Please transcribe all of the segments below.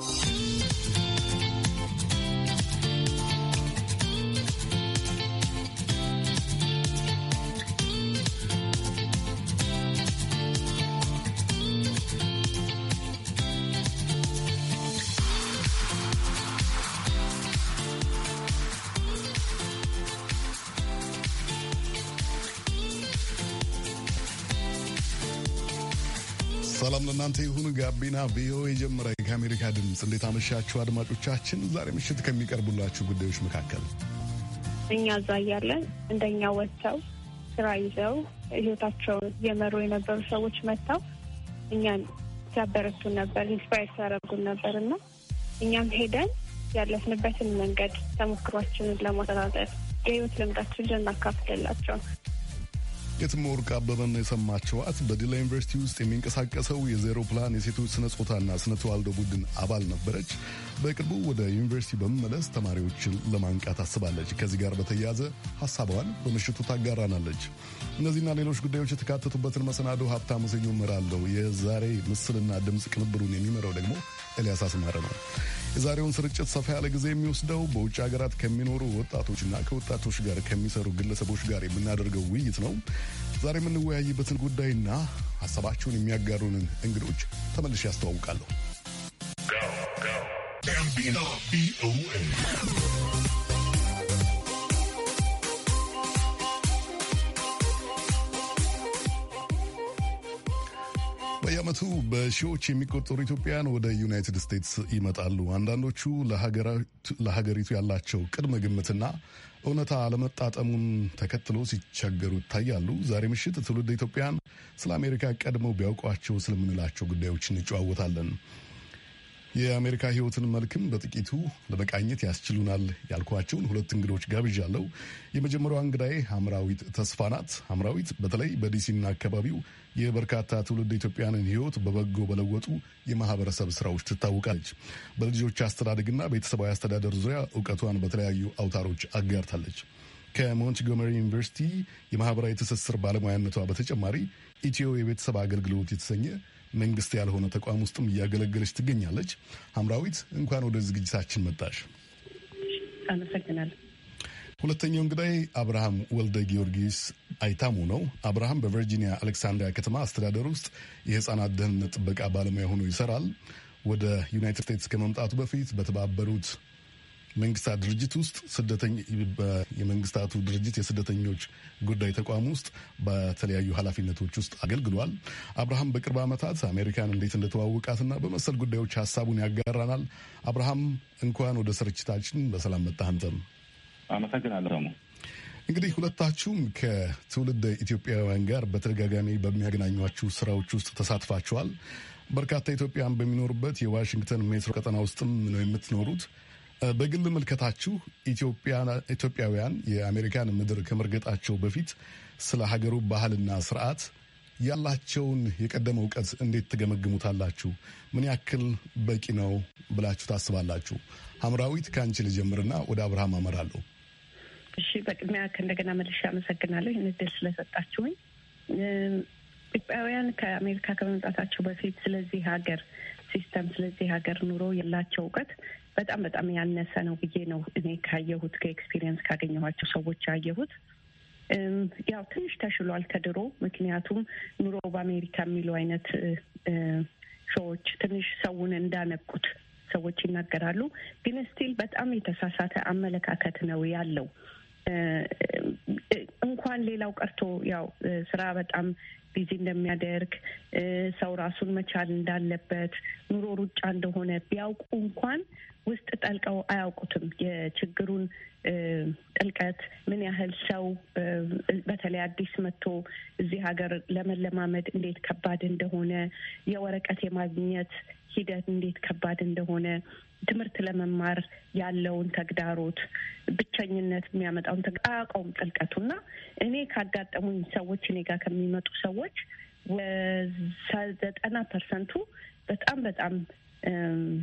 you ሰላም ለእናንተ ይሁን። ጋቢና ቪኦኤ ጀምረ ከአሜሪካ ድምፅ። እንዴት አመሻችሁ አድማጮቻችን? ዛሬ ምሽት ከሚቀርቡላችሁ ጉዳዮች መካከል እኛ እዛ እያለን እንደኛ ወጥተው ስራ ይዘው ህይወታቸውን የመሩ የነበሩ ሰዎች መጥተው እኛን ሲያበረቱን ነበር፣ ኢንስፓየር ሲያደርጉን ነበር እና እኛም ሄደን ያለፍንበትን መንገድ ተሞክሯችንን ለማጠናጠር የህይወት ልምዳችን ልናካፍልላቸው ጌትም ወርቅ አበበን የሰማችኋት በዲላ ዩኒቨርሲቲ ውስጥ የሚንቀሳቀሰው የዜሮ ፕላን የሴቶች ስነ ጾታና ስነ ተዋልዶ ቡድን አባል ነበረች። በቅርቡ ወደ ዩኒቨርሲቲ በመመለስ ተማሪዎችን ለማንቃት አስባለች። ከዚህ ጋር በተያያዘ ሀሳቧን በምሽቱ ታጋራናለች። እነዚህና ሌሎች ጉዳዮች የተካተቱበትን መሰናዶ ሀብታሙ ስዩም እመራለሁ። የዛሬ ምስልና ድምፅ ቅንብሩን የሚመራው ደግሞ ኤልያስ አስማረ ነው። የዛሬውን ስርጭት ሰፋ ያለ ጊዜ የሚወስደው በውጭ ሀገራት ከሚኖሩ ወጣቶችና ከወጣቶች ጋር ከሚሰሩ ግለሰቦች ጋር የምናደርገው ውይይት ነው። ዛሬ የምንወያይበትን ጉዳይና ሀሳባችሁን የሚያጋሩንን እንግዶች ተመልሼ ያስተዋውቃለሁ። በየዓመቱ በሺዎች የሚቆጠሩ ኢትዮጵያውያን ወደ ዩናይትድ ስቴትስ ይመጣሉ። አንዳንዶቹ ለሀገሪቱ ያላቸው ቅድመ ግምትና እውነታ አለመጣጠሙን ተከትሎ ሲቸገሩ ይታያሉ። ዛሬ ምሽት ትውልድ ኢትዮጵያውያን ስለ አሜሪካ ቀድመው ቢያውቋቸው ስለምንላቸው ጉዳዮች እንጨዋወታለን። የአሜሪካ ህይወትን መልክም በጥቂቱ ለመቃኘት ያስችሉናል ያልኳቸውን ሁለት እንግዶች ጋብዣለሁ። የመጀመሪያዋ እንግዳዬ ሐምራዊት ተስፋ ናት። ሐምራዊት በተለይ በዲሲና አካባቢው የበርካታ ትውልድ ኢትዮጵያንን ህይወት በበጎ በለወጡ የማህበረሰብ ስራዎች ትታወቃለች። በልጆች አስተዳደግና ቤተሰባዊ አስተዳደር ዙሪያ እውቀቷን በተለያዩ አውታሮች አጋርታለች። ከሞንትጎመሪ ዩኒቨርሲቲ የማህበራዊ ትስስር ባለሙያነቷ በተጨማሪ ኢትዮ የቤተሰብ አገልግሎት የተሰኘ መንግስት ያልሆነ ተቋም ውስጥም እያገለገለች ትገኛለች። ሐምራዊት እንኳን ወደ ዝግጅታችን መጣሽ። አመሰግናለሁ። ሁለተኛው እንግዳይ አብርሃም ወልደ ጊዮርጊስ አይታሙ ነው። አብርሃም በቨርጂኒያ አሌክሳንድሪያ ከተማ አስተዳደር ውስጥ የህፃናት ደህንነት ጥበቃ ባለሙያ ሆኖ ይሰራል። ወደ ዩናይትድ ስቴትስ ከመምጣቱ በፊት በተባበሩት መንግስታት ድርጅት ውስጥ የመንግስታቱ ድርጅት የስደተኞች ጉዳይ ተቋም ውስጥ በተለያዩ ኃላፊነቶች ውስጥ አገልግሏል። አብርሃም በቅርብ ዓመታት አሜሪካን እንዴት እንደተዋወቃትና በመሰል ጉዳዮች ሀሳቡን ያጋራናል። አብርሃም እንኳን ወደ ስርጭታችን በሰላም መጣህ። አንተም አመሰግናለሁ። እንግዲህ ሁለታችሁም ከትውልድ ኢትዮጵያውያን ጋር በተደጋጋሚ በሚያገናኟችሁ ስራዎች ውስጥ ተሳትፋችኋል። በርካታ ኢትዮጵያን በሚኖሩበት የዋሽንግተን ሜትሮ ቀጠና ውስጥም ነው የምትኖሩት። በግል ምልከታችሁ ኢትዮጵያውያን የአሜሪካን ምድር ከመርገጣቸው በፊት ስለ ሀገሩ ባህልና ስርዓት ያላቸውን የቀደመ እውቀት እንዴት ትገመግሙታላችሁ? ምን ያክል በቂ ነው ብላችሁ ታስባላችሁ? ሐምራዊት ከአንቺ ልጀምርና ወደ አብርሃም አመራለሁ። እሺ፣ በቅድሚያ ከእንደገና መልሼ አመሰግናለሁ ይህን እድል ስለሰጣችሁኝ። ኢትዮጵያውያን ከአሜሪካ ከመምጣታቸው በፊት ስለዚህ ሀገር ሲስተም ስለዚህ ሀገር ኑሮ የላቸው እውቀት በጣም በጣም ያነሰ ነው ብዬ ነው እኔ ካየሁት ከኤክስፒሪየንስ ካገኘኋቸው ሰዎች ያየሁት። ያው ትንሽ ተሽሏል ከድሮ ምክንያቱም ኑሮ በአሜሪካ የሚሉ አይነት ሰዎች ትንሽ ሰውን እንዳነቁት ሰዎች ይናገራሉ። ግን ስቲል በጣም የተሳሳተ አመለካከት ነው ያለው እንኳን ሌላው ቀርቶ ያው ስራ በጣም ቢዚ እንደሚያደርግ ሰው ራሱን መቻል እንዳለበት ኑሮ ሩጫ እንደሆነ ቢያውቁ እንኳን ውስጥ ጠልቀው አያውቁትም። የችግሩን ጥልቀት ምን ያህል ሰው በተለይ አዲስ መጥቶ እዚህ ሀገር ለመለማመድ እንዴት ከባድ እንደሆነ የወረቀት የማግኘት ሂደት እንዴት ከባድ እንደሆነ ትምህርት ለመማር ያለውን ተግዳሮት፣ ብቸኝነት የሚያመጣውን ጥልቀቱ እና እኔ ካጋጠሙኝ ሰዎች እኔ ጋር ከሚመጡ ሰዎች ዘጠና ፐርሰንቱ በጣም በጣም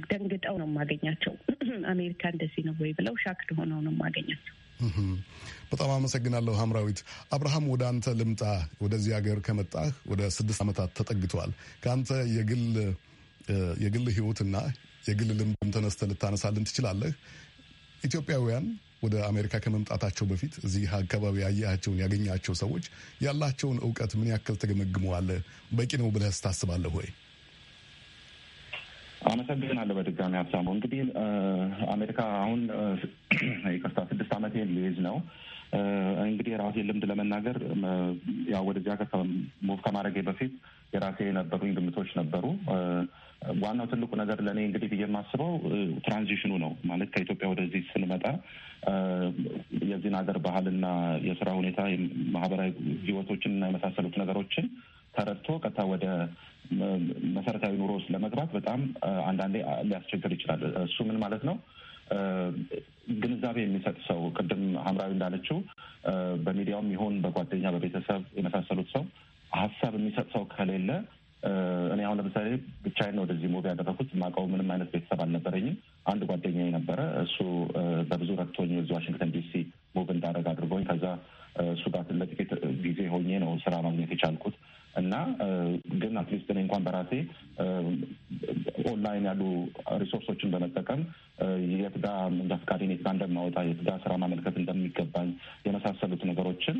ደንግጠው ነው የማገኛቸው። አሜሪካ እንደዚህ ነው ወይ ብለው ሻክድ ሆነው ነው የማገኛቸው። በጣም አመሰግናለሁ ሀምራዊት። አብርሃም ወደ አንተ ልምጣ። ወደዚህ ሀገር ከመጣህ ወደ ስድስት ዓመታት ተጠግተዋል። ከአንተ የግል የግል ህይወትና የግል ልምድም ተነስተ ልታነሳልን ትችላለህ። ኢትዮጵያውያን ወደ አሜሪካ ከመምጣታቸው በፊት እዚህ አካባቢ ያያቸውን ያገኛቸው ሰዎች ያላቸውን እውቀት ምን ያክል ተገመግመዋለህ? በቂ ነው ብለህ ታስባለህ ወይ? አመሰግናለሁ። በድጋሚ ሀብታሙ፣ እንግዲህ አሜሪካ አሁን ይቅርታ ስድስት ዓመቴ ሊይዝ ነው። እንግዲህ የራሴን ልምድ ለመናገር ያው ወደዚያ ሙቭ ከማድረጌ በፊት የራሴ የነበሩኝ ግምቶች ነበሩ። ዋናው ትልቁ ነገር ለእኔ እንግዲህ ብዬ የማስበው ትራንዚሽኑ ነው። ማለት ከኢትዮጵያ ወደዚህ ስንመጣ የዚህን ሀገር ባህልና የስራ ሁኔታ፣ ማህበራዊ ህይወቶችን እና የመሳሰሉት ነገሮችን ተረድቶ ቀጥታ ወደ መሰረታዊ ኑሮ ውስጥ ለመግባት በጣም አንዳንዴ ሊያስቸግር ይችላል። እሱ ምን ማለት ነው? ግንዛቤ የሚሰጥ ሰው ቅድም ሀምራዊ እንዳለችው በሚዲያውም ይሁን በጓደኛ በቤተሰብ የመሳሰሉት ሰው ሀሳብ የሚሰጥ ሰው ከሌለ እኔ አሁን ለምሳሌ ብቻዬን ነው ወደዚህ ሙቪ ያደረኩት። ማቀው ምንም አይነት ቤተሰብ አልነበረኝም። አንድ ጓደኛዬ ነበረ። እሱ በብዙ ረድቶኝ እዚህ ዋሽንግተን ዲሲ ሙቭ እንዳደረግ አድርጎኝ ከዛ እሱ ጋር ለጥቂት ጊዜ ሆኜ ነው ስራ ማግኘት የቻልኩት። እና ግን አትሊስት እኔ እንኳን በራሴ ኦንላይን ያሉ ሪሶርሶችን በመጠቀም የትጋ መንጃ ፈቃዴን እንደማወጣ የትጋ ስራ ማመልከት እንደሚገባኝ የመሳሰሉት ነገሮችን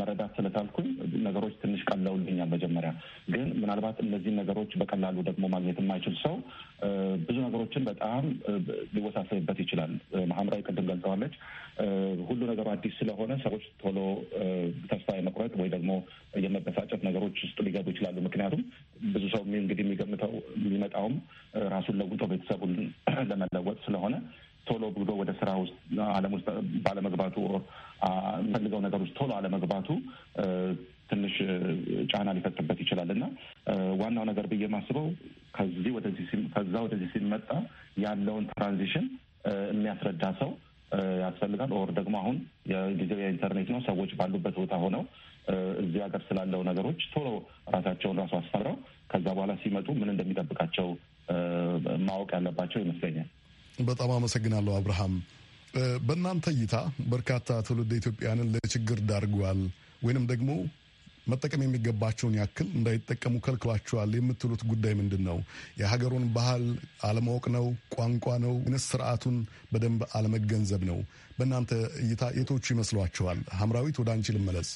መረዳት ስለታልኩኝ ነገሮች ትንሽ ቀለውልኛል። መጀመሪያ ግን ምናልባት እነዚህን ነገሮች በቀላሉ ደግሞ ማግኘት የማይችል ሰው ብዙ ነገሮችን በጣም ሊወሳሰብበት ይችላል። ማህምራዊ ቅድም ገልጸዋለች። ሁሉ ነገሩ አዲስ ስለሆነ ሰዎች ቶሎ ተስፋ የመቁረጥ ወይ ደግሞ የመበሳጨት ነገሮች ችግሮች ውስጥ ሊገቡ ይችላሉ። ምክንያቱም ብዙ ሰው እንግዲህ የሚገምተው የሚመጣውም ራሱን ለውጦ ቤተሰቡን ለመለወጥ ስለሆነ ቶሎ ብሎ ወደ ስራ ውስጥ አለም ውስጥ ባለመግባቱ ፈልገው ነገር ውስጥ ቶሎ አለመግባቱ ትንሽ ጫና ሊፈጥርበት ይችላል እና ዋናው ነገር ብዬ ማስበው ከዚህ ወደዚህ ከዛ ወደዚህ ሲመጣ ያለውን ትራንዚሽን የሚያስረዳ ሰው ያስፈልጋል። ኦር ደግሞ አሁን የጊዜው የኢንተርኔት ነው። ሰዎች ባሉበት ቦታ ሆነው እዚህ ሀገር ስላለው ነገሮች ቶሎ ራሳቸውን ራሱ አስፈራው ከዛ በኋላ ሲመጡ ምን እንደሚጠብቃቸው ማወቅ ያለባቸው ይመስለኛል። በጣም አመሰግናለሁ አብርሃም። በእናንተ እይታ በርካታ ትውልድ ኢትዮጵያውያንን ለችግር ዳርጓል ወይንም ደግሞ መጠቀም የሚገባቸውን ያክል እንዳይጠቀሙ ከልክሏቸዋል የምትሉት ጉዳይ ምንድን ነው? የሀገሩን ባህል አለማወቅ ነው? ቋንቋ ነው? ወይንስ ስርዓቱን በደንብ አለመገንዘብ ነው? በእናንተ እይታ የቶቹ ይመስሏቸዋል? ሀምራዊት ወደ አንቺ ልመለስ።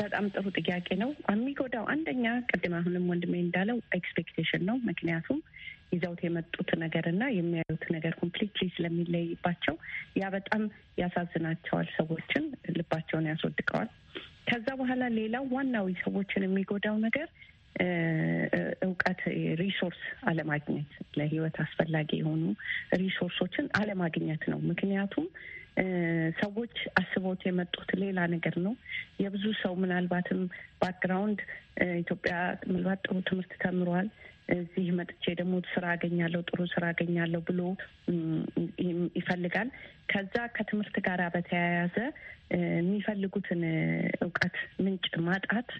በጣም ጥሩ ጥያቄ ነው። የሚጎዳው አንደኛ ቅድም አሁንም ወንድሜ እንዳለው ኤክስፔክቴሽን ነው። ምክንያቱም ይዘውት የመጡት ነገር እና የሚያዩት ነገር ኮምፕሊትሊ ስለሚለይባቸው ያ በጣም ያሳዝናቸዋል። ሰዎችን ልባቸውን ያስወድቀዋል። ከዛ በኋላ ሌላው ዋናዊ ሰዎችን የሚጎዳው ነገር እውቀት፣ ሪሶርስ አለማግኘት፣ ለህይወት አስፈላጊ የሆኑ ሪሶርሶችን አለማግኘት ነው። ምክንያቱም ሰዎች አስበውት የመጡት ሌላ ነገር ነው። የብዙ ሰው ምናልባትም ባክግራውንድ ኢትዮጵያ ምናልባት ጥሩ ትምህርት ተምሯል። እዚህ መጥቼ ደግሞ ስራ አገኛለሁ፣ ጥሩ ስራ አገኛለሁ ብሎ ይፈልጋል። ከዛ ከትምህርት ጋር በተያያዘ የሚፈልጉትን እውቀት ምንጭ ማጣት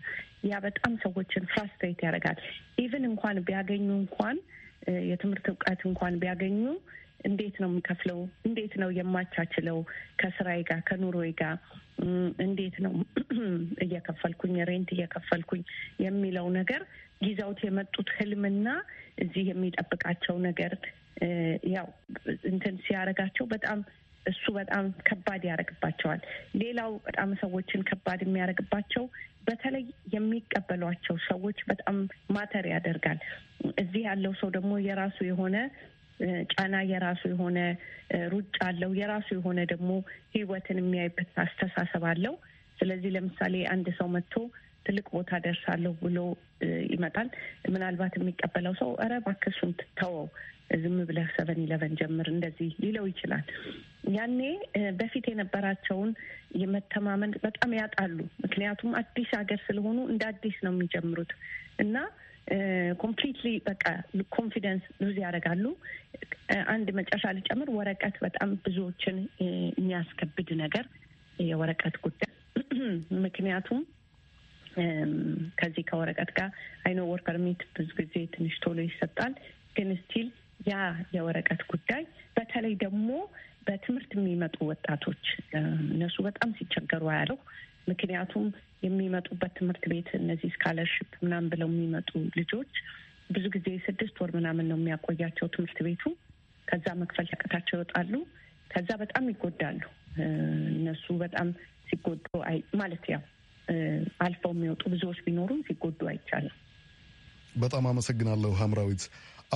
ያ በጣም ሰዎችን ፍራስትሬት ያደርጋል። ኢቭን እንኳን ቢያገኙ እንኳን የትምህርት እውቀት እንኳን ቢያገኙ እንዴት ነው የምከፍለው? እንዴት ነው የማቻችለው? ከስራዬ ጋር ከኑሮዬ ጋር እንዴት ነው እየከፈልኩኝ ሬንት እየከፈልኩኝ የሚለው ነገር ይዘውት የመጡት ህልምና እዚህ የሚጠብቃቸው ነገር ያው እንትን ሲያደርጋቸው በጣም እሱ በጣም ከባድ ያደርግባቸዋል። ሌላው በጣም ሰዎችን ከባድ የሚያደርግባቸው በተለይ የሚቀበሏቸው ሰዎች በጣም ማተር ያደርጋል። እዚህ ያለው ሰው ደግሞ የራሱ የሆነ ጫና የራሱ የሆነ ሩጫ አለው። የራሱ የሆነ ደግሞ ህይወትን የሚያይበት አስተሳሰብ አለው። ስለዚህ ለምሳሌ አንድ ሰው መጥቶ ትልቅ ቦታ ደርሳለሁ ብሎ ይመጣል። ምናልባት የሚቀበለው ሰው እረ ባክሱን ትተወው ዝም ብለህ ሰቨን ኢለቨን ጀምር እንደዚህ ሊለው ይችላል። ያኔ በፊት የነበራቸውን የመተማመን በጣም ያጣሉ። ምክንያቱም አዲስ ሀገር ስለሆኑ እንደ አዲስ ነው የሚጀምሩት እና ኮምፕሊትሊ በቃ ኮንፊደንስ ሉዝ ያደርጋሉ። አንድ መጨረሻ ልጨምር፣ ወረቀት በጣም ብዙዎችን የሚያስከብድ ነገር የወረቀት ጉዳይ ምክንያቱም ከዚህ ከወረቀት ጋር አይኖ ወርክ ፐርሚት ብዙ ጊዜ ትንሽ ቶሎ ይሰጣል፣ ግን ስቲል ያ የወረቀት ጉዳይ በተለይ ደግሞ በትምህርት የሚመጡ ወጣቶች እነሱ በጣም ሲቸገሩ ያለው ምክንያቱም የሚመጡበት ትምህርት ቤት እነዚህ ስካለርሽፕ ምናምን ብለው የሚመጡ ልጆች ብዙ ጊዜ ስድስት ወር ምናምን ነው የሚያቆያቸው ትምህርት ቤቱ። ከዛ መክፈል ያቅታቸው ይወጣሉ። ከዛ በጣም ይጎዳሉ። እነሱ በጣም ሲጎዱ ማለት ያው አልፈው የሚወጡ ብዙዎች ቢኖሩም ሲጎዱ አይቻልም። በጣም አመሰግናለሁ ሀምራዊት።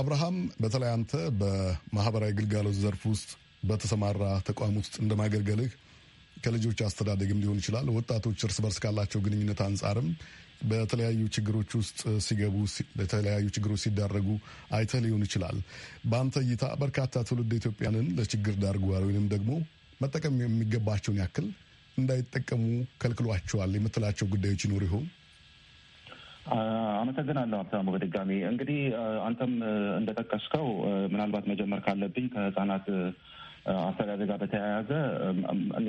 አብርሃም በተለይ አንተ በማህበራዊ ግልጋሎት ዘርፍ ውስጥ በተሰማራ ተቋም ውስጥ እንደማገልገልህ ከልጆች አስተዳደግም ሊሆን ይችላል። ወጣቶች እርስ በርስ ካላቸው ግንኙነት አንጻርም በተለያዩ ችግሮች ውስጥ ሲገቡ ለተለያዩ ችግሮች ሲዳረጉ አይተ ሊሆን ይችላል። በአንተ እይታ በርካታ ትውልድ ኢትዮጵያንን ለችግር ዳርጓል ወይንም ደግሞ መጠቀም የሚገባቸውን ያክል እንዳይጠቀሙ ከልክሏቸዋል የምትላቸው ጉዳዮች ይኖር ይሆን? አመሰግናለሁ ሀብታሙ። በድጋሚ እንግዲህ አንተም እንደጠቀስከው ምናልባት መጀመር ካለብኝ ከህጻናት አስተዳደር ጋር በተያያዘ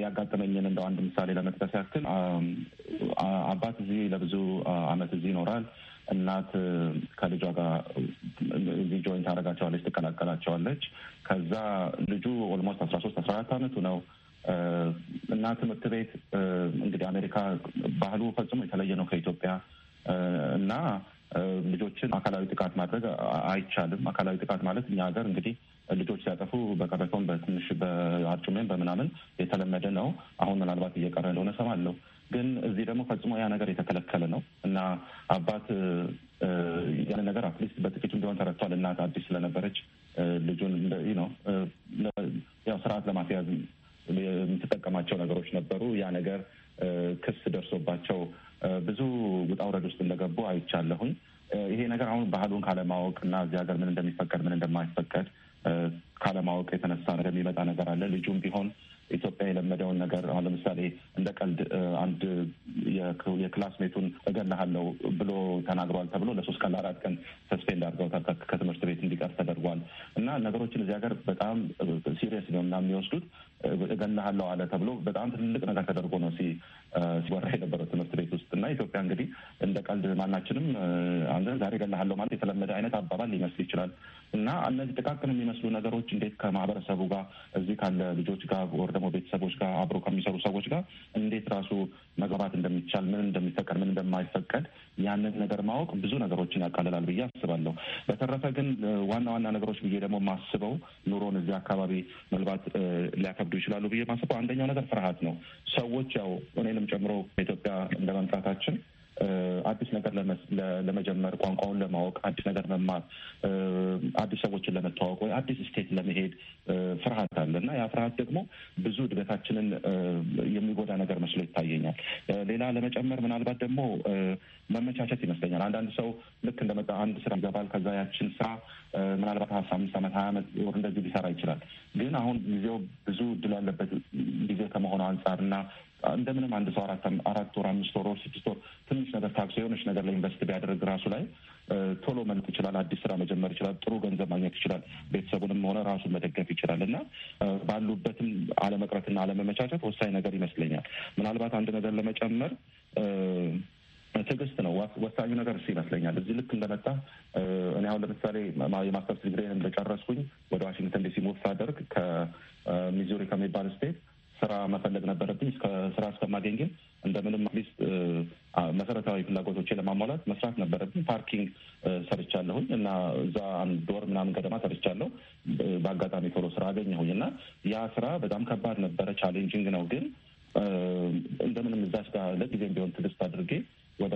ያጋጠመኝን እንደው አንድ ምሳሌ ለመጥቀስ ያክል አባት እዚህ ለብዙ አመት እዚህ ይኖራል። እናት ከልጇ ጋር እዚህ ጆይንት ታደርጋቸዋለች፣ ትቀላቀላቸዋለች። ከዛ ልጁ ኦልሞስት አስራ ሶስት አስራ አራት አመቱ ነው እና ትምህርት ቤት እንግዲህ አሜሪካ ባህሉ ፈጽሞ የተለየ ነው ከኢትዮጵያ እና ልጆችን አካላዊ ጥቃት ማድረግ አይቻልም። አካላዊ ጥቃት ማለት እኛ ሀገር እንግዲህ ልጆች ሲያጠፉ በቀበቶን በትንሽ በአርጩሜን በምናምን የተለመደ ነው። አሁን ምናልባት እየቀረ እንደሆነ እሰማለሁ። ግን እዚህ ደግሞ ፈጽሞ ያ ነገር የተከለከለ ነው እና አባት ያንን ነገር አትሊስት በጥቂቱ ቢሆን ተረድቷል። እናት አዲስ ስለነበረች ልጁን ነው ያው ስርዓት ለማስያዝ የምትጠቀማቸው ነገሮች ነበሩ። ያ ነገር ክስ ደርሶባቸው ብዙ ውጣ ውረድ ውስጥ እንደገቡ አይቻለሁኝ። ይሄ ነገር አሁን ባህሉን ካለማወቅ እና እዚህ ሀገር ምን እንደሚፈቀድ ምን እንደማይፈቀድ ካለማወቅ የተነሳ ነገር የሚመጣ ነገር አለ። ልጁም ቢሆን ኢትዮጵያ የለመደውን ነገር አሁን ለምሳሌ እንደ ቀልድ አንድ የክላስሜቱን እገልሃለሁ ብሎ ተናግሯል ተብሎ ለሶስት ቀን ለአራት ቀን ሰስፔንድ አድርገው ከትምህርት ቤት እንዲቀር ተደርጓል እና ነገሮችን እዚህ ሀገር በጣም ሲሪየስ ነው እና የሚወስዱት እገልሃለሁ አለ ተብሎ በጣም ትልቅ ነገር ተደርጎ ነው ሲወራ የነበረው ትምህርት ቤት ውስጥ እና ኢትዮጵያ እንግዲህ እንደ ቀልድ ማናችንም አንዘን ዛሬ እገልሃለሁ ማለት የተለመደ አይነት አባባል ሊመስል ይችላል እና እነዚህ ጥቃቅን የሚመስሉ ነገሮች እንዴት ከማህበረሰቡ ጋር እዚህ ካለ ልጆች ጋር ወር ደግሞ ቤተሰቦች ጋር አብሮ ከሚሰሩ ሰዎች ጋር እንዴት ራሱ መግባባት እንደሚቻል ምን እንደሚፈቀድ ምን እንደማይፈቀድ ያንን ነገር ማወቅ ብዙ ነገሮችን ያቃልላል ብዬ አስባለሁ። በተረፈ ግን ዋና ዋና ነገሮች ብዬ ደግሞ ማስበው ኑሮን እዚህ አካባቢ ምናልባት ሊያከብ ሊጎዱ ይችላሉ ብዬ ማስበው አንደኛው ነገር ፍርሃት ነው። ሰዎች ያው እኔንም ጨምሮ ኢትዮጵያ እንደመምጣታችን አዲስ ነገር ለመጀመር፣ ቋንቋውን ለማወቅ፣ አዲስ ነገር መማር፣ አዲስ ሰዎችን ለመተዋወቅ ወይ አዲስ ስቴት ለመሄድ ፍርሃት አለ እና ያ ፍርሃት ደግሞ ብዙ እድገታችንን የሚጎዳ ነገር መስሎ ይታየኛል። ሌላ ለመጨመር ምናልባት ደግሞ መመቻቸት ይመስለኛል። አንዳንድ ሰው ልክ እንደመጣ አንድ ስራ ይገባል። ከዛ ያችን ስራ ምናልባት ሀያ አምስት ዓመት ሀያ ዓመት ወር እንደዚህ ሊሰራ ይችላል። ግን አሁን ጊዜው ብዙ እድል ያለበት ጊዜ ከመሆኑ አንጻር እና እንደምንም አንድ ሰው አራት ወር አምስት ወር ስድስት ወር ትንሽ ነገር ታክሶ የሆነች ነገር ላይ ኢንቨስት ቢያደርግ ራሱ ላይ ቶሎ መልክ ይችላል። አዲስ ስራ መጀመር ይችላል። ጥሩ ገንዘብ ማግኘት ይችላል። ቤተሰቡንም ሆነ ራሱን መደገፍ ይችላል እና ባሉበትም አለመቅረትና አለመመቻቸት ወሳኝ ነገር ይመስለኛል። ምናልባት አንድ ነገር ለመጨመር ትዕግስት ነው ወሳኙ ነገር እሱ ይመስለኛል። እዚህ ልክ እንደመጣ እኔ አሁን ለምሳሌ የማስተርስ ዲግሪን እንደጨረስኩኝ ወደ ዋሽንግተን ዲሲ ሞት ሳደርግ ከሚዙሪ ከሚባል ስቴት ስራ መፈለግ ነበረብኝ። እስከ ስራ እስከማገኝ ግን እንደምንም አትሊስት መሰረታዊ ፍላጎቶቼ ለማሟላት መስራት ነበረብኝ። ፓርኪንግ ሰርቻለሁኝ እና እዛ አንድ ወር ምናምን ገደማ ሰርቻለሁ። በአጋጣሚ ቶሎ ስራ አገኘሁኝ እና ያ ስራ በጣም ከባድ ነበረ፣ ቻሌንጂንግ ነው። ግን እንደምንም እዛች ጋር ለጊዜም ቢሆን ትግስት አድርጌ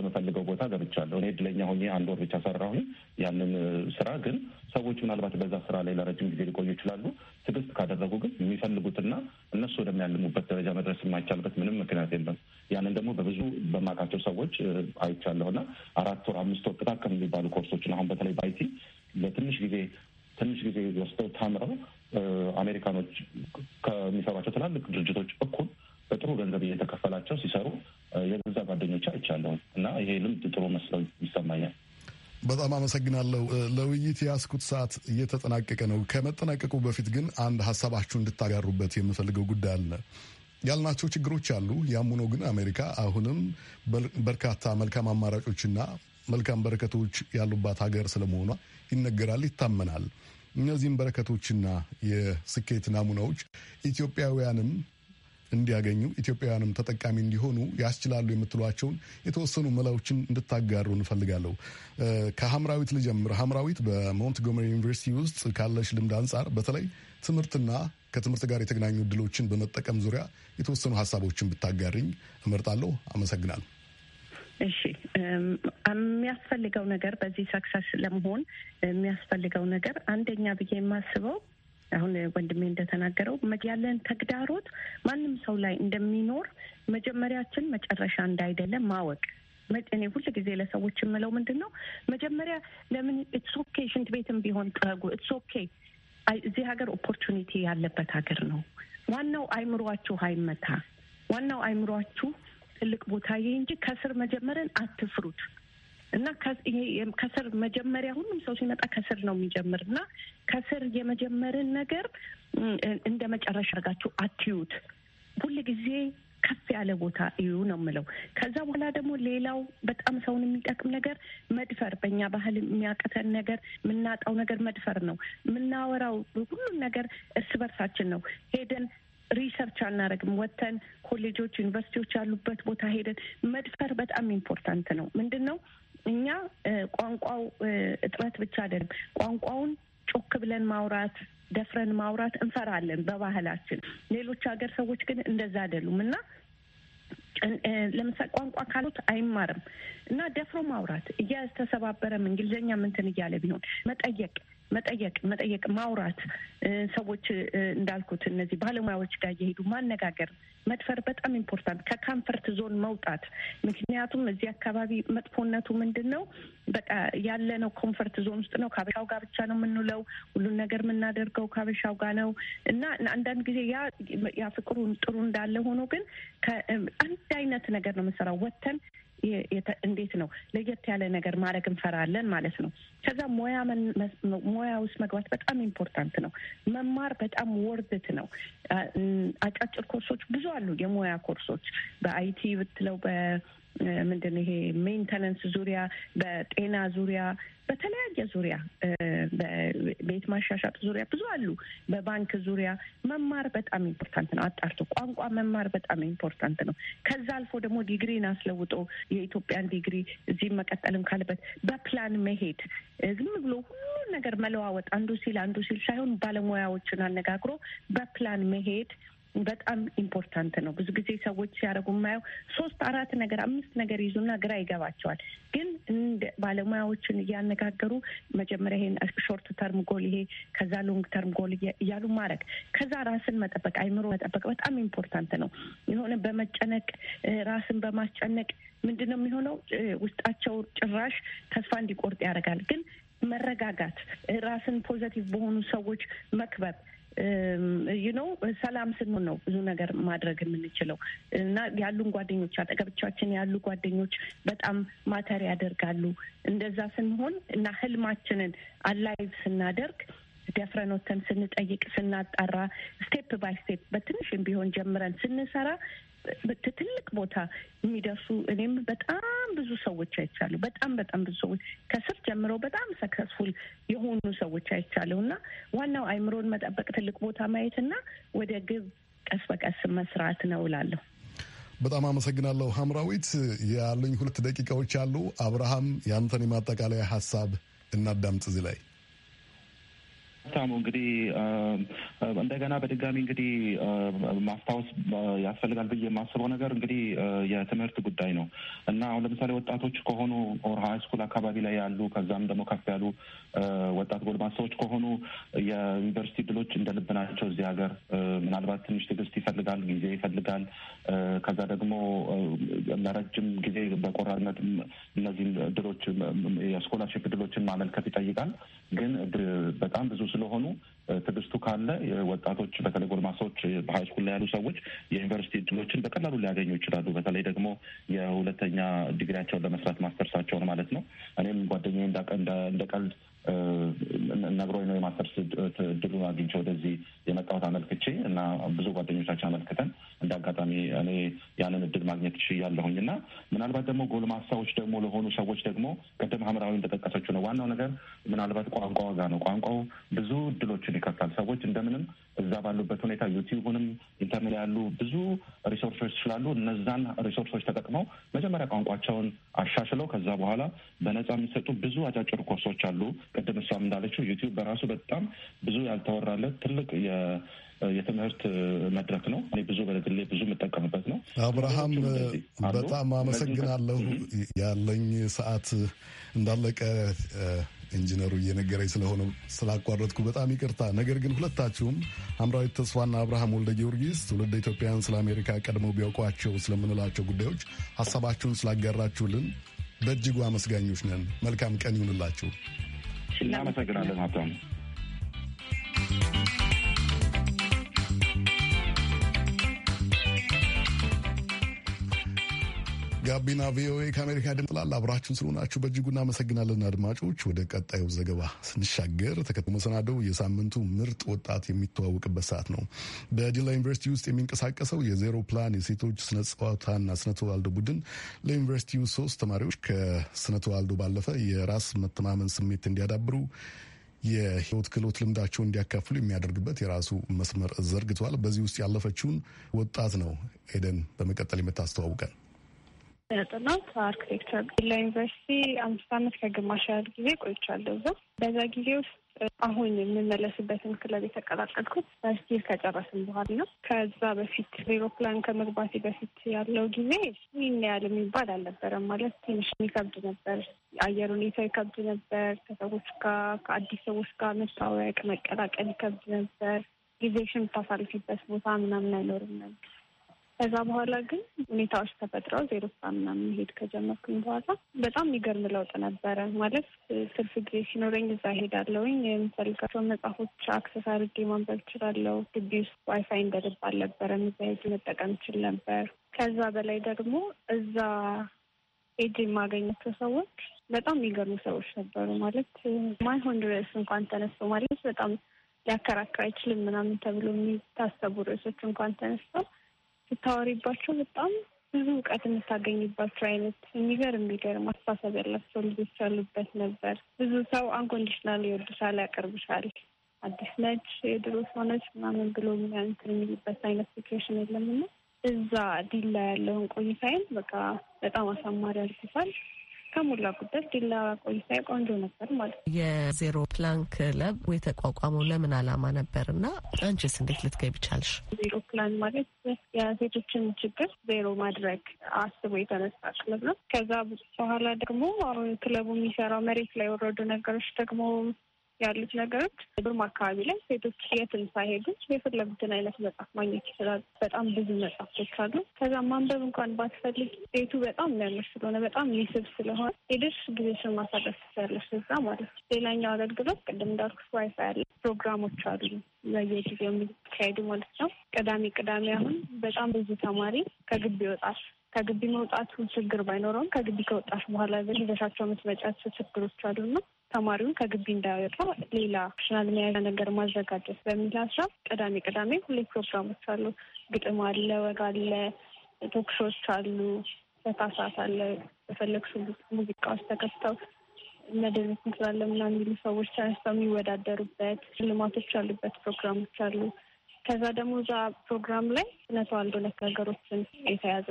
መፈልገው ቦታ ገብቻለሁ። እኔ እድለኛ ሆኜ አንድ ወር ብቻ ሰራሁኝ ያንን ስራ። ግን ሰዎች ምናልባት በዛ ስራ ላይ ለረጅም ጊዜ ሊቆዩ ይችላሉ። ትዕግስት ካደረጉ ግን የሚፈልጉትና እነሱ ወደሚያልሙበት ደረጃ መድረስ የማይቻልበት ምንም ምክንያት የለም። ያንን ደግሞ በብዙ በማውቃቸው ሰዎች አይቻለሁና አራት ወር አምስት ወር ጥቃቅም የሚባሉ ኮርሶችን አሁን በተለይ በአይቲ ለትንሽ ጊዜ ትንሽ ጊዜ ወስደው ታምረው አሜሪካኖች ከሚሰሯቸው ትላልቅ ድርጅቶች እኩል በጥሩ ገንዘብ እየተከፈላቸው ሲሰሩ የገዛ ጓደኞች አይቻለሁም እና ይሄ ልምድ ጥሩ መስለው ይሰማኛል። በጣም አመሰግናለሁ። ለውይይት የያስኩት ሰዓት እየተጠናቀቀ ነው። ከመጠናቀቁ በፊት ግን አንድ ሀሳባችሁ እንድታጋሩበት የምፈልገው ጉዳይ አለ። ያልናቸው ችግሮች አሉ። ያም ሆኖ ግን አሜሪካ አሁንም በርካታ መልካም አማራጮችና መልካም በረከቶች ያሉባት ሀገር ስለመሆኗ ይነገራል፣ ይታመናል። እነዚህም በረከቶችና የስኬት ናሙናዎች ኢትዮጵያውያንም እንዲያገኙ ኢትዮጵያውያንም ተጠቃሚ እንዲሆኑ ያስችላሉ የምትሏቸውን የተወሰኑ መላዎችን እንድታጋሩ እንፈልጋለሁ። ከሀምራዊት ልጀምር። ሀምራዊት በሞንትጎመሪ ዩኒቨርሲቲ ውስጥ ካለሽ ልምድ አንጻር በተለይ ትምህርትና ከትምህርት ጋር የተገናኙ እድሎችን በመጠቀም ዙሪያ የተወሰኑ ሀሳቦችን ብታጋርኝ እመርጣለሁ። አመሰግናለሁ። እሺ፣ የሚያስፈልገው ነገር በዚህ ሰክሰስ ለመሆን የሚያስፈልገው ነገር አንደኛ ብዬ የማስበው አሁን ወንድሜ እንደተናገረው ያለን ተግዳሮት ማንም ሰው ላይ እንደሚኖር መጀመሪያችን መጨረሻ እንዳይደለም ማወቅ እኔ ሁል ጊዜ ለሰዎች የምለው ምንድን ነው መጀመሪያ ለምን ኢትስ ኦኬ ሽንት ቤትም ቢሆን ጥረጉ ኢትስ ኦኬ እዚህ ሀገር ኦፖርቹኒቲ ያለበት ሀገር ነው ዋናው አይምሯችሁ አይመታ ዋናው አይምሯችሁ ትልቅ ቦታ ይህ እንጂ ከስር መጀመርን አትፍሩት እና ከስር መጀመሪያ ሁሉም ሰው ሲመጣ ከስር ነው የሚጀምር እና ከስር የመጀመርን ነገር እንደ መጨረሻ አድርጋችሁ አትዩት። ጊዜ ከፍ ያለ ቦታ እዩ ነው የምለው። ከዛ በኋላ ደግሞ ሌላው በጣም ሰውን የሚጠቅም ነገር መድፈር፣ በእኛ ባህል የሚያቅተን ነገር የምናጣው ነገር መድፈር ነው። የምናወራው ሁሉን ነገር እርስ በርሳችን ነው ሄደን ሪሰርች አናደርግም። ወጥተን ኮሌጆች፣ ዩኒቨርሲቲዎች ያሉበት ቦታ ሄደን መድፈር በጣም ኢምፖርታንት ነው። ምንድን ነው እኛ ቋንቋው እጥረት ብቻ አይደለም፣ ቋንቋውን ጮክ ብለን ማውራት ደፍረን ማውራት እንፈራለን በባህላችን። ሌሎች ሀገር ሰዎች ግን እንደዛ አይደሉም እና ለምሳሌ ቋንቋ ካሉት አይማርም እና ደፍሮ ማውራት እያተሰባበረም እንግሊዝኛ ምንትን እያለ ቢሆን መጠየቅ መጠየቅ መጠየቅ ማውራት ሰዎች እንዳልኩት እነዚህ ባለሙያዎች ጋር እየሄዱ ማነጋገር መድፈር በጣም ኢምፖርታንት ከካንፈርት ዞን መውጣት። ምክንያቱም እዚህ አካባቢ መጥፎነቱ ምንድን ነው? በቃ ያለነው ኮምፈርት ዞን ውስጥ ነው። ከሀበሻው ጋር ብቻ ነው የምንውለው፣ ሁሉን ነገር የምናደርገው ከሀበሻው ጋር ነው እና አንዳንድ ጊዜ ያ ያ ፍቅሩን ጥሩ እንዳለ ሆኖ ግን አንድ አይነት ነገር ነው የምንሰራው ወተን እንዴት ነው ለየት ያለ ነገር ማድረግ እንፈራለን ማለት ነው። ከዛ ሙያ ሙያ ውስጥ መግባት በጣም ኢምፖርታንት ነው። መማር በጣም ወርድት ነው። አጫጭር ኮርሶች ብዙ አሉ የሙያ ኮርሶች በአይቲ ብትለው በምንድን ነው ይሄ ሜንተነንስ ዙሪያ፣ በጤና ዙሪያ፣ በተለያየ ዙሪያ፣ በቤት ማሻሻጥ ዙሪያ ብዙ አሉ። በባንክ ዙሪያ መማር በጣም ኢምፖርታንት ነው። አጣርቶ ቋንቋ መማር በጣም ኢምፖርታንት ነው። ከዛ አልፎ ደግሞ ዲግሪን አስለውጦ የኢትዮጵያን ዲግሪ እዚህም መቀጠልም ካለበት በፕላን መሄድ ዝም ብሎ ሁሉን ነገር መለዋወጥ አንዱ ሲል አንዱ ሲል ሳይሆን ባለሙያዎችን አነጋግሮ በፕላን መሄድ በጣም ኢምፖርታንት ነው። ብዙ ጊዜ ሰዎች ሲያደርጉ የማየው ሶስት አራት ነገር አምስት ነገር ይዙና ግራ ይገባቸዋል። ግን እንደ ባለሙያዎችን እያነጋገሩ መጀመሪያ ይሄን ሾርት ተርም ጎል ይሄ ከዛ ሎንግ ተርም ጎል እያሉ ማድረግ ከዛ ራስን መጠበቅ አይምሮ መጠበቅ በጣም ኢምፖርታንት ነው። የሆነ በመጨነቅ ራስን በማስጨነቅ ምንድን ነው የሚሆነው ውስጣቸው ጭራሽ ተስፋ እንዲቆርጥ ያደርጋል። ግን መረጋጋት ራስን ፖዘቲቭ በሆኑ ሰዎች መክበብ ነው ሰላም ስንሆን ነው ብዙ ነገር ማድረግ የምንችለው እና ያሉን ጓደኞች አጠገብቻችን ያሉ ጓደኞች በጣም ማተር ያደርጋሉ። እንደዛ ስንሆን እና ህልማችንን አላይቭ ስናደርግ ደፍረን ወተን ስንጠይቅ፣ ስናጣራ፣ ስቴፕ ባይ ስቴፕ በትንሽም ቢሆን ጀምረን ስንሰራ ትልቅ ቦታ የሚደርሱ እኔም በጣም ብዙ ሰዎች አይቻለሁ። በጣም በጣም ብዙ ሰዎች ከስር ጀምረው በጣም ሰክሰስፉል የሆኑ ሰዎች አይቻለሁ እና ዋናው አይምሮን መጠበቅ፣ ትልቅ ቦታ ማየት እና ወደ ግብ ቀስ በቀስ መስራት ነው እላለሁ። በጣም አመሰግናለሁ ሀምራዊት። ያሉኝ ሁለት ደቂቃዎች አሉ። አብርሃም፣ ያንተን የማጠቃለያ ሀሳብ እናዳምጥ እዚህ ላይ ታሙ እንግዲህ እንደገና በድጋሚ እንግዲህ ማስታወስ ያስፈልጋል ብዬ የማስበው ነገር እንግዲህ የትምህርት ጉዳይ ነው እና አሁን ለምሳሌ ወጣቶች ከሆኑ ኦር ሀይ ስኩል አካባቢ ላይ ያሉ ከዛም ደግሞ ከፍ ያሉ ወጣት ጎልማሳዎች ከሆኑ የዩኒቨርሲቲ እድሎች እንደ ልብ ናቸው እዚህ ሀገር። ምናልባት ትንሽ ትዕግስት ይፈልጋል፣ ጊዜ ይፈልጋል። ከዛ ደግሞ ለረጅም ጊዜ በቆራጥነት እነዚህ ድሎች የስኮላርሽፕ ድሎችን ማመልከት ይጠይቃል። ግን በጣም ብዙ ስለሆኑ ትግስቱ ካለ ወጣቶች በተለይ ጎልማሶች በሀይስኩል ላይ ያሉ ሰዎች የዩኒቨርሲቲ እድሎችን በቀላሉ ሊያገኙ ይችላሉ። በተለይ ደግሞ የሁለተኛ ዲግሪያቸውን ለመስራት ማስተርሳቸውን ማለት ነው። እኔም ጓደኛዬ እንደ ቀልድ ነግሮኝ ነው የማስተርስ እድሉን አግኝቼ ወደዚህ የመጣሁት አመልክቼ እና ብዙ ጓደኞቻችን አመልክተን እንደ አጋጣሚ እኔ ያንን እድል ማግኘት ያለሁኝ እና ምናልባት ደግሞ ጎልማሳዎች ደግሞ ለሆኑ ሰዎች ደግሞ ቅድም ሀምራዊ እንደጠቀሰችው ነው ዋናው ነገር ምናልባት ቋንቋ ዋጋ ነው። ቋንቋው ብዙ እድሎችን ይከፍታል። ሰዎች እንደምንም እዛ ባሉበት ሁኔታ ዩቲዩብንም ኢንተርኔት ያሉ ብዙ ሪሶርሶች ስላሉ እነዛን ሪሶርሶች ተጠቅመው መጀመሪያ ቋንቋቸውን አሻሽለው ከዛ በኋላ በነጻ የሚሰጡ ብዙ አጫጭር ኮርሶች አሉ። ቅድም እሷም እንዳለችው ዩቲዩብ በራሱ በጣም ብዙ ያልተወራለት ትልቅ የትምህርት መድረክ ነው። እኔ ብዙ በግሌ ብዙ የምጠቀምበት ነው። አብርሃም በጣም አመሰግናለሁ። ያለኝ ሰዓት እንዳለቀ ኢንጂነሩ እየነገረኝ ስለሆነ ስላቋረጥኩ በጣም ይቅርታ። ነገር ግን ሁለታችሁም ሐምራዊት ተስፋና አብርሃም ወልደ ጊዮርጊስ ትውልድ ኢትዮጵያውያን ስለ አሜሪካ ቀድመው ቢያውቋቸው ስለምንላቸው ጉዳዮች ሀሳባችሁን ስላጋራችሁልን በእጅጉ አመስጋኞች ነን። መልካም ቀን ይሁንላችሁ። እናመሰግናለን ሀብታሙ። ጋቢና ቪኦኤ ከአሜሪካ ድምፅ ላል አብራችሁን ስለሆናችሁ በእጅጉ እናመሰግናለን። አድማጮች፣ ወደ ቀጣዩ ዘገባ ስንሻገር ተከትሎ መሰናደው የሳምንቱ ምርጥ ወጣት የሚተዋወቅበት ሰዓት ነው። በዲላ ዩኒቨርሲቲ ውስጥ የሚንቀሳቀሰው የዜሮ ፕላን የሴቶች ስነ ጸዋታና ስነ ተዋልዶ ቡድን ለዩኒቨርሲቲው ሶስት ተማሪዎች ከስነ ተዋልዶ ባለፈ የራስ መተማመን ስሜት እንዲያዳብሩ የህይወት ክህሎት ልምዳቸውን እንዲያካፍሉ የሚያደርግበት የራሱ መስመር ዘርግቷል። በዚህ ውስጥ ያለፈችውን ወጣት ነው ኤደን በመቀጠል የምታስተዋውቀን። ጥናት አርክቴክቸር ለዩኒቨርሲቲ አምስት ዓመት ከግማሽ ያህል ጊዜ ቆይቻለሁ። እዛ በዛ ጊዜ ውስጥ አሁን የምመለስበትን ክለብ የተቀላቀልኩት ስቲል ከጨረስን በኋላ ነው። ከዛ በፊት ኤሮፕላን ከመግባቴ በፊት ያለው ጊዜ ይህን ያህል የሚባል አልነበረም። ማለት ትንሽ ይከብድ ነበር፣ አየር ሁኔታ ይከብድ ነበር። ከሰዎች ጋር ከአዲስ ሰዎች ጋር መታወቅ መቀላቀል ይከብድ ነበር። ጊዜሽን የምታሳልፊበት ቦታ ምናምን አይኖርም ነበር ከዛ በኋላ ግን ሁኔታዎች ተፈጥረው ዜሮ ሳምና መሄድ ከጀመርኩኝ በኋላ በጣም የሚገርም ለውጥ ነበረ። ማለት ትርፍ ጊዜ ሲኖረኝ እዛ ሄዳለውኝ። የምፈልጋቸው መጽሐፎች አክሰስ አድርጌ ማንበብ እችላለሁ። ግቢ ውስጥ ዋይፋይ እንደልብ አልነበረም። እዛ ሄጄ መጠቀም እችል ነበር። ከዛ በላይ ደግሞ እዛ ሄጄ የማገኛቸው ሰዎች በጣም የሚገርሙ ሰዎች ነበሩ። ማለት ማይሆን ርዕስ እንኳን ተነሱ ማለት በጣም ሊያከራክር አይችልም ምናምን ተብሎ የሚታሰቡ ርዕሶች እንኳን ተነስተው ስታወሪባቸው በጣም ብዙ እውቀት የምታገኝባቸው አይነት የሚገርም የሚገርም አስተሳሰብ ያላቸው ልጆች ያሉበት ነበር። ብዙ ሰው አንኮንዲሽናል ይወድሻል፣ ያቀርብሻል፣ አዲስ ነች፣ የድሮ ሰው ነች ምናምን ብሎ እንትን የሚልበት አይነት ሲትዌሽን የለምና እዛ ዲላ ያለውን ቆይታዬን በቃ በጣም አሳማሪ አድርጎታል። ከሞላ ጉዳይ ዲላ ቆይታ ቆንጆ ነበር ማለት ነው። የዜሮ ፕላን ክለብ የተቋቋመው ለምን ዓላማ ነበር እና አንቺስ እንዴት ልትገቢ ቻልሽ? ዜሮ ፕላን ማለት የሴቶችን ችግር ዜሮ ማድረግ አስቦ የተነሳ ክለብ ነው። ከዛ በኋላ ደግሞ አሁን ክለቡ የሚሰራው መሬት ላይ የወረዱ ነገሮች ደግሞ ያሉት ነገሮች ዱርም አካባቢ ላይ ሴቶች የትም ሳይሄዱ የፈለጉትን አይነት መጽሐፍ ማግኘት ይችላሉ። በጣም ብዙ መጽሐፍቶች አሉ። ከዛ ማንበብ እንኳን ባትፈልግ ቤቱ በጣም የሚያምር ስለሆነ በጣም የሚስብ ስለሆነ የደርስ ጊዜሽን ማሳደስ ትችላለሽ እዛ ማለት ነው። ሌላኛው አገልግሎት ቅድም እንዳልኩት ዋይፋይ ያለ ፕሮግራሞች አሉ በየጊዜው የሚካሄዱ ማለት ነው። ቅዳሜ ቅዳሜ አሁን በጣም ብዙ ተማሪ ከግቢ ይወጣል ከግቢ መውጣቱ ችግር ባይኖረውም ከግቢ ከወጣሽ በኋላ ግን ይዘሻቸው የምትመጫቸው ችግሮች አሉና ተማሪውን ከግቢ እንዳይወጣ ሌላ ሽናል መያዣ ነገር ማዘጋጀት በሚል ሀሳብ ቅዳሜ ቅዳሜ ሁሌ ፕሮግራሞች አሉ። ግጥም አለ፣ ወግ አለ፣ ቶክሾች አሉ፣ በታሳት አለ። በፈለግሹ ሙዚቃዎች ተከፍተው መደነት እንችላለን ምናምን የሚሉ ሰዎች ተነስተው የሚወዳደሩበት ሽልማቶች ያሉበት ፕሮግራሞች አሉ። ከዛ ደግሞ እዛ ፕሮግራም ላይ ስነ ተዋልዶ ነገሮችን የተያዘ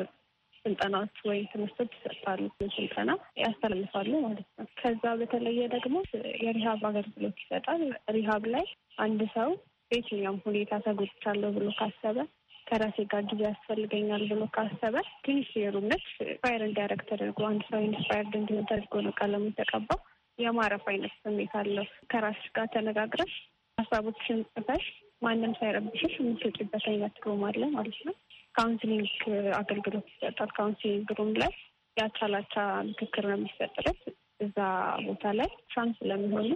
ስልጠናዎች ወይም ትምህርቶች ይሰጣሉ። ስልጠና ያስተላልፋሉ ማለት ነው። ከዛ በተለየ ደግሞ የሪሃብ አገልግሎት ይሰጣል። ሪሃብ ላይ አንድ ሰው በየትኛውም ሁኔታ ተጎድቻለሁ ብሎ ካሰበ ከራሴ ጋር ጊዜ ያስፈልገኛል ብሎ ካሰበ ትንሽ የሩነት ፋይር እንዲያደርግ ተደርጎ አንድ ሰው ኢንስፓየርድ እንዲሆን ተደርጎ ነው ቀለሙ የተቀባው። የማረፍ አይነት ስሜት አለው። ከራስሽ ጋር ተነጋግረሽ ሀሳቦችን ጽፈሽ ማንም ሳይረብሽሽ የምትወጪበት አይነት ሩም አለ ማለት ነው። ካውንስሊንግ አገልግሎት ይሰጣል። ካውንስሊንግ ሩም ላይ የአቻላቻ ምክክር ነው የሚሰጥለት። እዛ ቦታ ላይ ሳም ስለሚሆኑ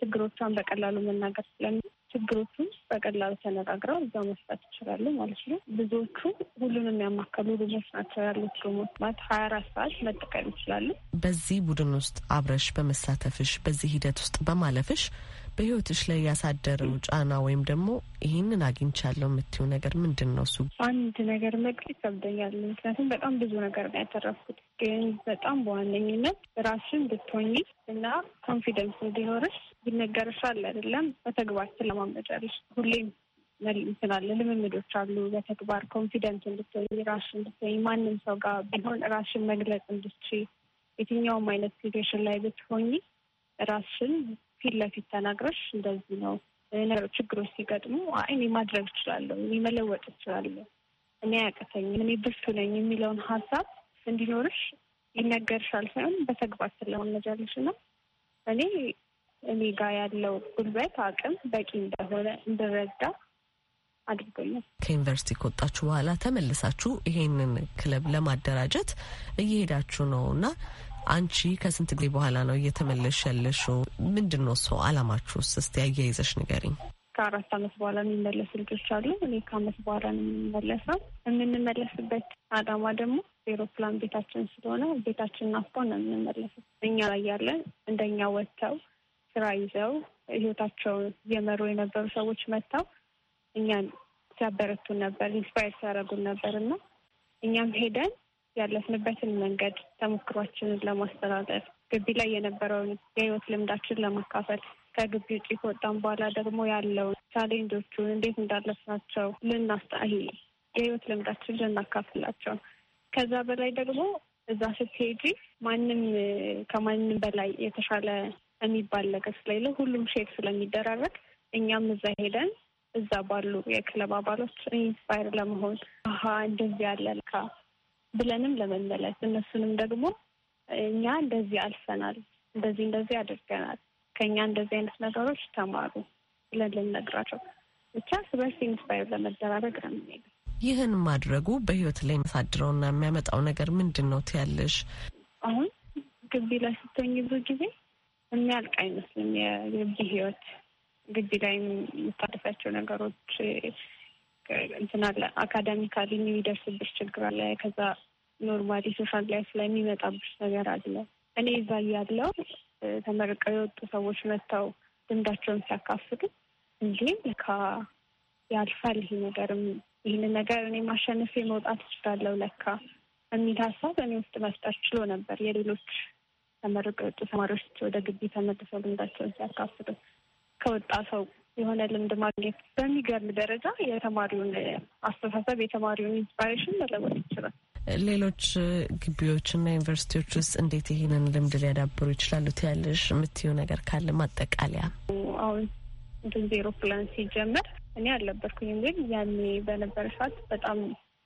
ችግሮቿን በቀላሉ መናገር ስለሚ ችግሮቹ በቀላሉ ተነጋግረው እዛ መስጠት ይችላሉ ማለት ነው። ብዙዎቹ ሁሉንም ያማከሉ ሩሞች ናቸው ያሉት። ሩሞች ማለት ሀያ አራት ሰዓት መጠቀም ይችላሉ። በዚህ ቡድን ውስጥ አብረሽ በመሳተፍሽ በዚህ ሂደት ውስጥ በማለፍሽ በህይወትሽ ላይ ያሳደረው ጫና ወይም ደግሞ ይህንን አግኝቻለሁ የምትይው ነገር ምንድን ነው? እሱ አንድ ነገር መግለጽ ይከብደኛል። ምክንያቱም በጣም ብዙ ነገር ነው ያተረፍኩት። ግን በጣም በዋነኝነት ራስሽን ብትሆኚ እና ኮንፊደንስ እንዲኖርሽ ይነገርሻል አይደለም፣ በተግባር ስለማመጨርሽ ሁሌም ይችላል ልምምዶች አሉ። በተግባር ኮንፊደንት እንድትሆኝ ራስሽን እንድትሆኝ ማንም ሰው ጋር ቢሆን ራስሽን መግለጽ እንድትችይ የትኛውም አይነት ሲቹዌሽን ላይ ብትሆኝ ራስሽን ፊት ለፊት ተናግረሽ እንደዚህ ነው ነገሮች፣ ችግሮች ሲገጥሙ እኔ ማድረግ እችላለሁ፣ እኔ መለወጥ እችላለሁ፣ እኔ አያቅተኝም፣ እኔ ብርቱ ነኝ የሚለውን ሀሳብ እንዲኖርሽ ይነገርሻል ሳይሆን በተግባር ስለመመጃለሽ እና እኔ እኔ ጋር ያለው ጉልበት አቅም በቂ እንደሆነ እንድረዳ አድርገኛል። ከዩኒቨርሲቲ ከወጣችሁ በኋላ ተመልሳችሁ ይሄንን ክለብ ለማደራጀት እየሄዳችሁ ነው እና አንቺ ከስንት ጊዜ በኋላ ነው እየተመለሽ ያለሽው? ምንድን ነው እሱ አላማችሁ? እስቲ አያይዘሽ ንገሪኝ። ከአራት አመት በኋላ የሚመለሱ ልጆች አሉ። እኔ ከአመት በኋላ ነው የምንመለሰው። የምንመለስበት አላማ ደግሞ ኤሮፕላን ቤታችን ስለሆነ ቤታችንን ናፍቆን ነው የምንመለሰው። እኛ ላይ ያለን እንደኛ ወጥተው ስራ ይዘው ህይወታቸውን እየመሩ የነበሩ ሰዎች መጥተው እኛን ሲያበረቱን ነበር፣ ኢንስፓየር ሲያደርጉን ነበር እና እኛም ሄደን ያለፍንበትን መንገድ ተሞክሯችንን ለማስተላለፍ ግቢ ላይ የነበረውን የህይወት ልምዳችን ለማካፈል ከግቢ ውጭ ከወጣን በኋላ ደግሞ ያለውን ቻሌንጆቹን እንዴት እንዳለፍናቸው ልናስጣሂ የህይወት ልምዳችን ልናካፍላቸው ከዛ በላይ ደግሞ እዛ ስትሄጂ ማንም ከማንም በላይ የተሻለ የሚባል ነገር ስለሌለ ሁሉም ሼር ስለሚደራረግ እኛም እዛ ሄደን እዛ ባሉ የክለብ አባሎች ኢንስፓየር ለመሆን አሀ እንደዚህ ያለ ልካ ብለንም ለመመለስ እነሱንም ደግሞ እኛ እንደዚህ አልፈናል፣ እንደዚህ እንደዚህ አድርገናል፣ ከእኛ እንደዚህ አይነት ነገሮች ተማሩ ብለን ልንነግራቸው ብቻ እርስ በርስ ኢንስፓየር ለመደራረግ ነው የሚሄዱ ይህን ማድረጉ በህይወት ላይ የሚያሳድረውና የሚያመጣው ነገር ምንድን ነው ትያለሽ? አሁን ግቢ ላይ ስትሆኝ ብዙ ጊዜ የሚያልቅ አይመስልም የግቢ ህይወት ግቢ ላይ የምታደፋቸው ነገሮች እንትን አለ አካዳሚካሊ የሚደርስብሽ ችግር አለ። ከዛ ኖርማሊ ሶሻል ላይፍ ላይ የሚመጣብሽ ነገር አለ። እኔ እዛ ያለው ተመርቀው የወጡ ሰዎች መጥተው ልምዳቸውን ሲያካፍሉ እንዲህም ለካ ያልፋል ይሄ ነገርም ይህን ነገር እኔ ማሸንፌ መውጣት እችላለሁ ለካ የሚል ሀሳብ እኔ ውስጥ መፍጠር ችሎ ነበር። የሌሎች ተመርቀው የወጡ ተማሪዎች ወደ ግቢ ተመልሰው ልምዳቸውን ሲያካፍሉ ከወጣ ሰው የሆነ ልምድ ማግኘት በሚገርም ደረጃ የተማሪውን አስተሳሰብ የተማሪውን ኢንስፓሬሽን መለወጥ ይችላል። ሌሎች ግቢዎችና ዩኒቨርሲቲዎች ውስጥ እንዴት ይህንን ልምድ ሊያዳብሩ ይችላሉ ትያለሽ? የምትይው ነገር ካለ ማጠቃለያ። አሁን እንትን ዜሮ ፕላን ሲጀመር እኔ አልነበርኩኝም፣ ግን ያኔ በነበረ ሰዓት በጣም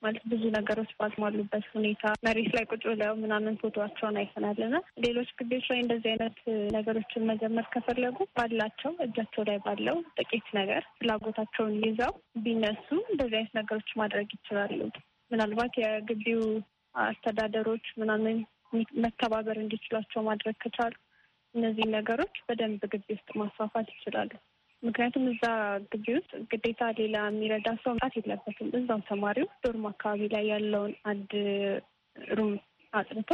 ማለት ብዙ ነገሮች ባልሟሉበት ሁኔታ መሬት ላይ ቁጭ ብለው ምናምን ፎቶቸውን አይተናልና ሌሎች ግቢዎች ላይ እንደዚህ አይነት ነገሮችን መጀመር ከፈለጉ ባላቸው እጃቸው ላይ ባለው ጥቂት ነገር ፍላጎታቸውን ይዘው ቢነሱ እንደዚህ አይነት ነገሮች ማድረግ ይችላሉ። ምናልባት የግቢው አስተዳደሮች ምናምን መተባበር እንዲችሏቸው ማድረግ ከቻሉ እነዚህ ነገሮች በደንብ ግቢ ውስጥ ማስፋፋት ይችላሉ። ምክንያቱም እዛ ግቢ ውስጥ ግዴታ ሌላ የሚረዳ ሰው መምጣት የለበትም። እዛው ተማሪው ዶርም አካባቢ ላይ ያለውን አንድ ሩም አጥርቶ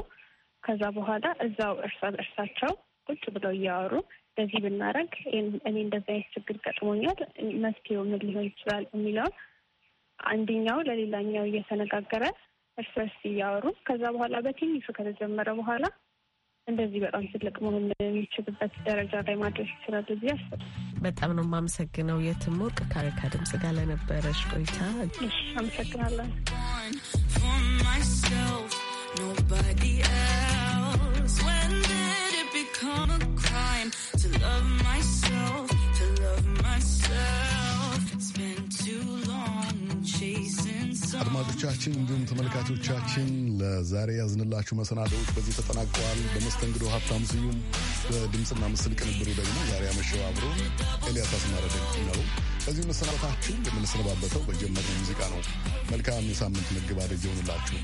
ከዛ በኋላ እዛው እርሳ በእርሳቸው ቁጭ ብለው እያወሩ በዚህ ብናረግ እኔ እንደዚህ አይነት ችግር ገጥሞኛል፣ መፍትሄው ምን ሊሆን ይችላል የሚለውን አንደኛው ለሌላኛው እየተነጋገረ እርስ በርስ እያወሩ ከዛ በኋላ በትንሹ ከተጀመረ በኋላ እንደዚህ በጣም ትልቅ መሆን የሚችልበት ደረጃ ላይ ማድረስ ይችላል ብዬ አስባለሁ። በጣም ነው የማመሰግነው የትሞቅ ከአሜሪካ ድምጽ ጋር ለነበረሽ ቆይታ አመሰግናለን። አድማጮቻችን እንዲሁም ተመልካቾቻችን ለዛሬ ያዝንላችሁ መሰናዶዎች በዚህ ተጠናቀዋል። በመስተንግዶ ሀብታም ስዩም፣ በድምፅና ምስል ቅንብሩ ደግሞ ዛሬ አመሸው አብሮ ኤልያስ አስማረ ነው። በዚህ መሰናበታችሁ የምንሰነባበተው በጀመርነው ሙዚቃ ነው። መልካም የሳምንት ምግብ መገባደጅ ይሆንላችሁ።